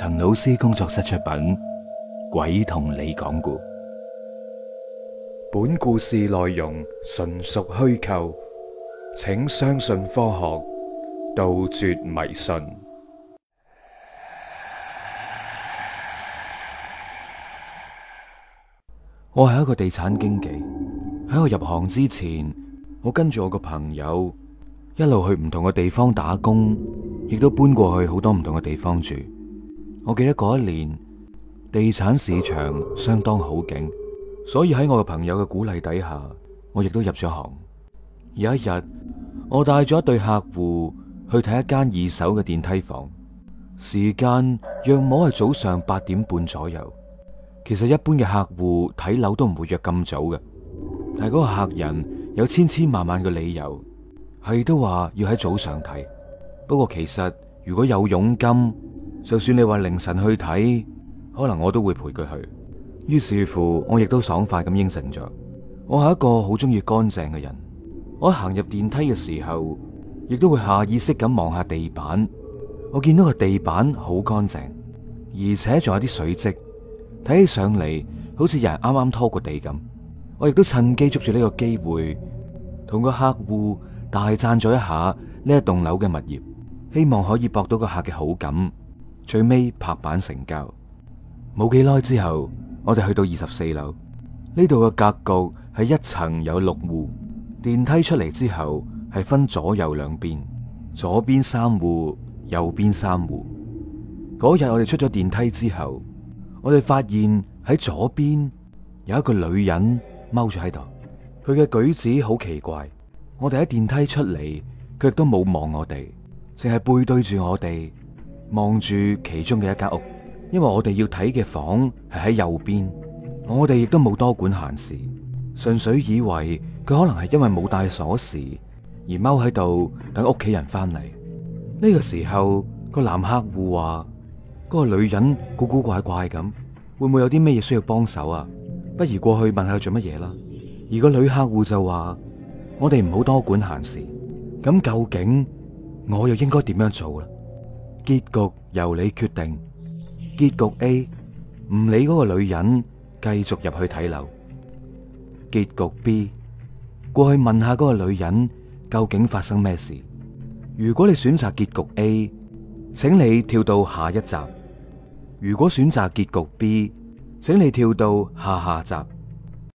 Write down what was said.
陳老師工作室出品《鬼同你講古》，本故事內容純屬虛構，請相信科學，杜絕迷信。我係一個地產經紀。喺我入行之前，我跟住我個朋友一路去唔同嘅地方打工，亦都搬過去好多唔同嘅地方住。我記得嗰一年地產市場相當好景，所以喺我嘅朋友嘅鼓勵底下，我亦都入咗行。有一日，我帶咗一對客戶去睇一間二手嘅電梯房，時間約摸係早上八點半左右。其實一般嘅客戶睇樓都唔會約咁早嘅，但係嗰個客人有千千萬萬嘅理由，係都話要喺早上睇。不過其實如果有佣金，就算你話凌晨去睇，可能我都會陪佢去。於是乎我，我亦都爽快咁應承咗。我係一個好中意乾淨嘅人。我行入電梯嘅時候，亦都會下意識咁望下地板。我見到個地板好乾淨，而且仲有啲水漬，睇起上嚟好似有人啱啱拖過地咁。我亦都趁機捉住呢個機會，同個客戶大讚咗一下呢一棟樓嘅物業，希望可以博到個客嘅好感。最尾拍板成交，冇幾耐之後，我哋去到二十四樓，呢度嘅格局係一層有六戶，電梯出嚟之後係分左右兩邊，左邊三戶，右邊三戶。嗰日我哋出咗電梯之後，我哋發現喺左邊有一個女人踎咗喺度，佢嘅舉止好奇怪。我哋喺電梯出嚟，佢亦都冇望我哋，淨係背對住我哋。望住其中嘅一間屋，因為我哋要睇嘅房係喺右邊，我哋亦都冇多管閒事，純粹以為佢可能係因為冇帶鎖匙而踎喺度等屋企人翻嚟。呢個時候個男客戶話：嗰個女人古古怪怪咁，會唔會有啲咩嘢需要幫手啊？不如過去問下佢做乜嘢啦。而個女客戶就話：我哋唔好多管閒事。咁究竟我又應該點樣做呢？結局由你決定。結局 A，唔理嗰個女人，繼續入去睇樓。結局 B，過去問下嗰個女人究竟發生咩事。如果你選擇結局 A，請你跳到下一集；如果選擇結局 B，請你跳到下下集。